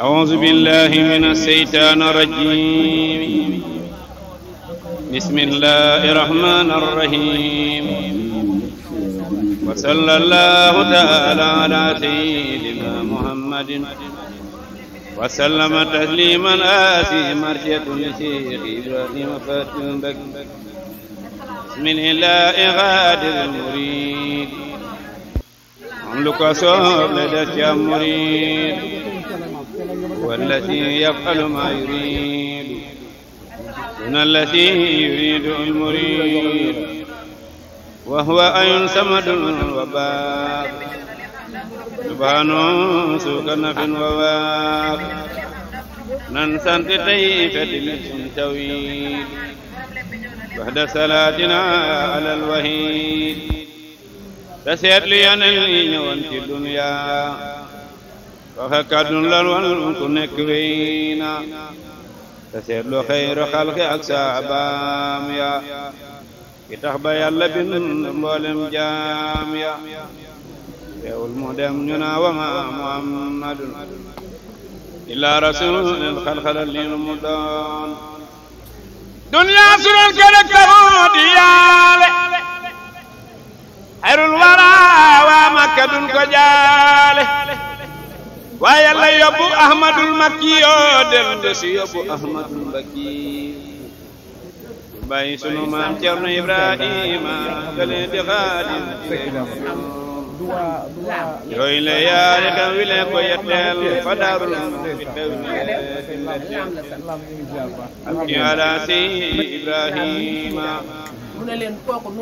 أعوذ بالله من الشيطان الرجيم بسم الله الرحمن الرحيم وصلى الله تعالى على سيدنا محمد وسلم تسليما آسي مرجة لشيخ إبراهيم فاتح بك بسم الله غادر المريد عملك صوب لدى المريد والذي يفعل ما يريد دون الذي يريد المريد وهو أي صمد وباب سبحان سوق نف وواب نن سنت تيفة من تويد بعد صلاتنا على الوحيد تسير لي أنا الدنيا waxe kàddun lan wan ku nekk wéy na te seetlu xayru xalqi ak saabaam ya ki tax ba yàlla bind mboolem jaam ya teewul mu dem ñu naa wa ma muhammadun illaa rasulun xalxalal lii mu doon duniyaa surul kërëk taxu di yaale xayrul waraa waa makka dun ko jaale waaye yàlla yóbbu ahmadul makki yoo dellu desi yóbbu ahmadul bakki bàyyi sunu maam Cerno Ibrahima kële di xaadim yooyu la yaari kan wile ko yetteel fa daarul fi dawle ala si Ibrahima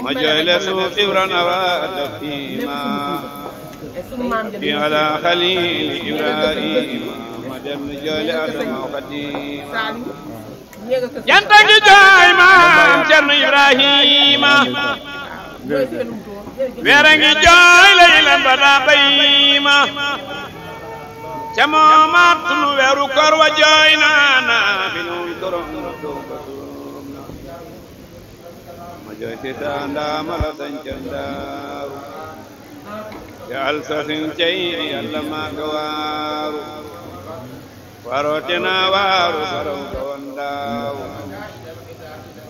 ma jooyle suuf ibran awa dafima على خليل إبراهيم مدن جل أكرم قديم جنتك دائما جرن إبراهيم ويرنجي جاي ليلا برابيما جمامات نويرو كروا جاينا بنوي درم مجاكتا دامرة جندارو jaal sasin cey yalla maaga waaru warootina waaru faraw ka wandaaw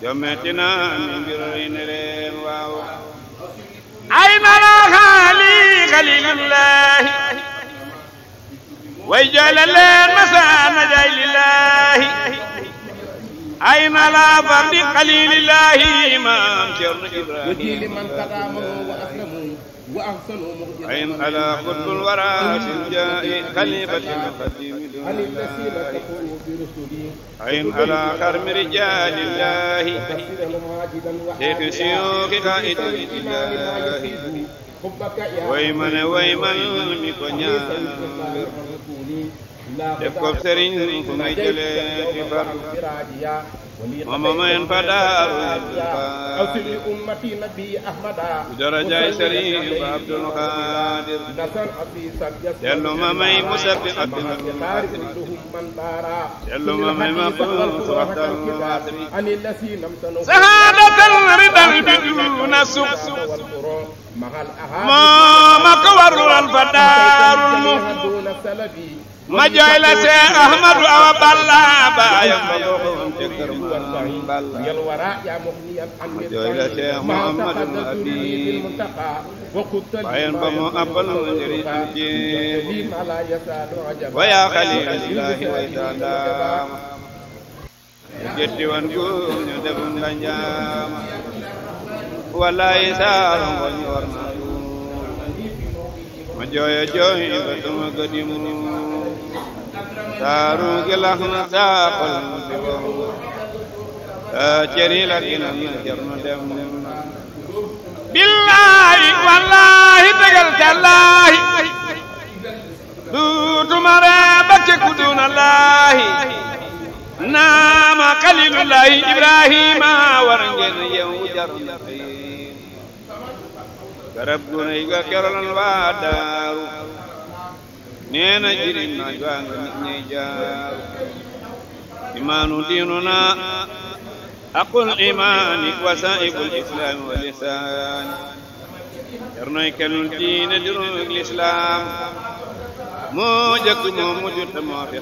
jommetina mi mbiroyne leen waaw ay mala xaali xalilullahi way joola leen masaana jaay lillahi ay mala fardi xalilillahi maam cerno ibrahima عين على قطب الورى سنجاء خليفة القديم عين على كرم رجال الله سيف شيوخ قائد الله ويمن ويمن مكنيا def ko sëriñ fu muy jëlee di fatu mooma mayen fa daaru awsili ummati nabi ahmada darajay sëriñ ba abdul xaadir dellu ma may musabbi abdul dellu ma may ma دون سوء ما مكور الفدار المهد ما جعل سي احمد او بلا با يمدوهم تكر بلا يلورا يا مغني عن جعل سي محمد الابي وين بمو ابل الجري ويا خليل الله ويتانا جدي وانجو ندفن لنجام wallaay saar ngooñ war na ma jooyo jooy ba sama gëdi mu saaru gi lax na saa xol mu si boobu saa ceri la gi nan na jar na dem billaahi wallaahi tegal tallaahi xalilullahi ibrahima war ngeen yow jar na fi garab gu nee na jirim na jaa nga nit ñi jaaru imaanu diinuna imaani wasaa'ibul islaami wa lisaani jarnoy kenul diine dirug lislaam moo jëkk moo mujj te moo fi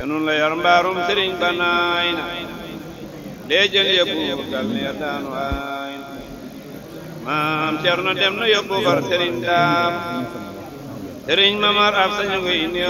te nun la yar mbaarum sëriñ ba na dee jël yóbbu dal ne ya daanu na maam Cerno dem na yóbbu far sëriñ daam sëriñ mamar ab sañu ngi indi